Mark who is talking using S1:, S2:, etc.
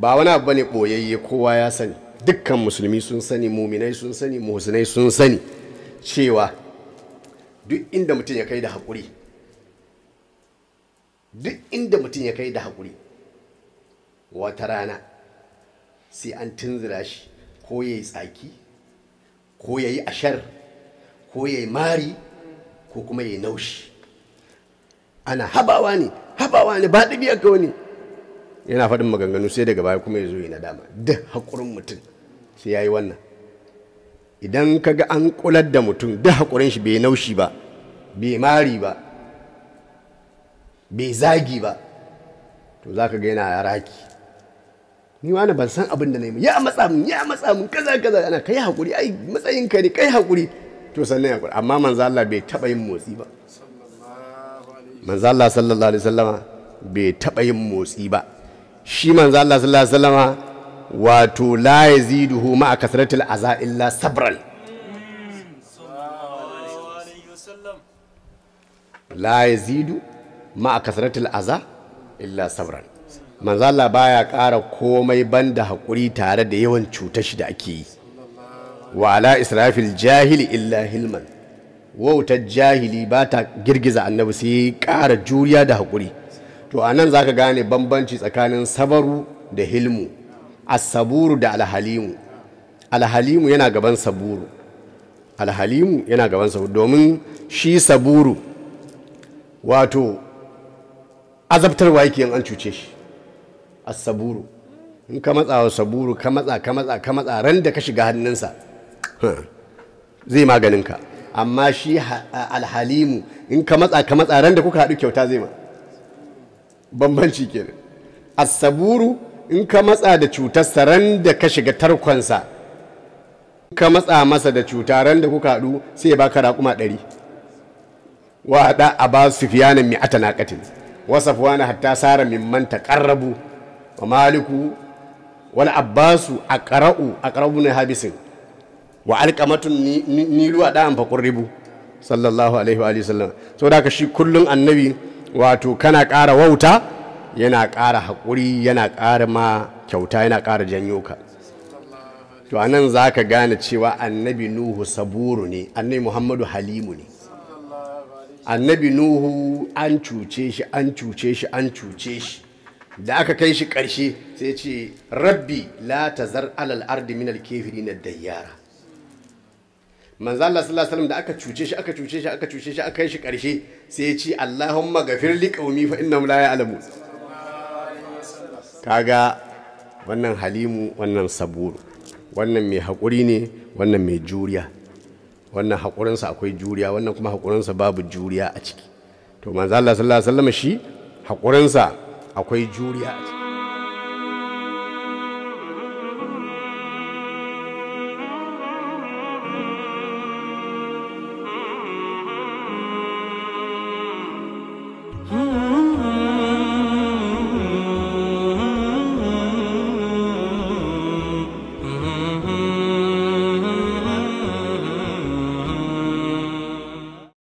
S1: ba wani abu ne ɓoyayye kowa ya sani dukkan musulmi sun sani muminai sun sani muhusinai sun sani cewa duk inda mutum ya kai da haƙuri duk inda mutum ya kai da haƙuri wata rana sai an tunzura shi ko ya yi tsaki ko ya yi ashar ko ya yi mari ko kuma ya naushi ana habawa ne habawa ne ba ɗabi'a ka wani yana faɗin maganganu sai daga baya kuma ya zo yi dama duk haƙurin mutum sai ya yi wannan idan ka ga an kular da mutum da haƙurin shi bai naushi ba bai mari ba bai zagi ba to za ka ga yana raki ni wani ban san abin da na yi ya matsa mun ya matsa mun kaza kaza ana kai haƙuri ai matsayin ka ne kai haƙuri to sannan ya kura amma manzo Allah bai taba yin motsi ba manzo Allah sallallahu alaihi wasallama bai taba yin motsi ba shi manzo Allah sallallahu alaihi wasallama wato la yaziduhu ma kasratil aza illa sabral la yazidu ma kasratil aza illa sabran manzo Allah baya ƙara komai banda hakuri tare da yawan cutar shi da ake yi wa ala israfil jahili illa hilman wautar jahili ba ta girgiza annabi sai ƙara juriya da haƙuri to a nan za ka gane bambanci tsakanin sabaru da hilmu a Saburu da alhalimu alhalimu yana gaban saburu alhalimu yana gaban saburu domin shi saburu wato azabtarwa yake yin an cuce shi a Saburu in ka matsawa saburu ka matsa ka matsa ka matsa ran da ka shiga hannunsa Hmm. zai maganin ka amma shi alhalimu in ka matsa ka matsa ran da kuka haɗu kyauta zai ma bambanci kenan asaburu in ka matsa da cutar ran da ka shiga tarkonsa in ka matsa masa da cuta ran da kuka haɗu sai ba ka raƙuma ɗari wa haɗa a ba su fiyanin mi atana katin wasa fuwana hatta sara mimman ta ƙarrabu wa maliku wani abbasu a ƙara'u a ƙarabu ne habisin wa alƙamatun nilu a dan ribu. sallallahu alaihi wa sallam da ka shi kullum annabi wato kana ƙara wauta yana ƙara haƙuri yana ƙara ma kyauta yana ƙara janyo ka to nan za ka gane cewa annabi nuhu saburu ne annabi muhammadu halimu ne annabi nuhu an cuce shi an cuce shi an cuce shi da aka kai shi ƙarshe sai ce rabbi la ta zar alal ardi min al na dayyara manzo Allah sallallahu alaihi wasallam da aka cuce shi aka cuce shi aka cuce shi aka kai shi karshe sai ya ce Allahumma gafir li qaumi fa innahum la ya'lamu kaga wannan halimu wannan saburu wannan mai haƙuri ne wannan mai juriya wannan haƙurinsa akwai juriya wannan kuma haƙurinsa babu juriya a ciki to manzo Allah sallallahu alaihi wasallam shi haƙurinsa akwai juriya a ciki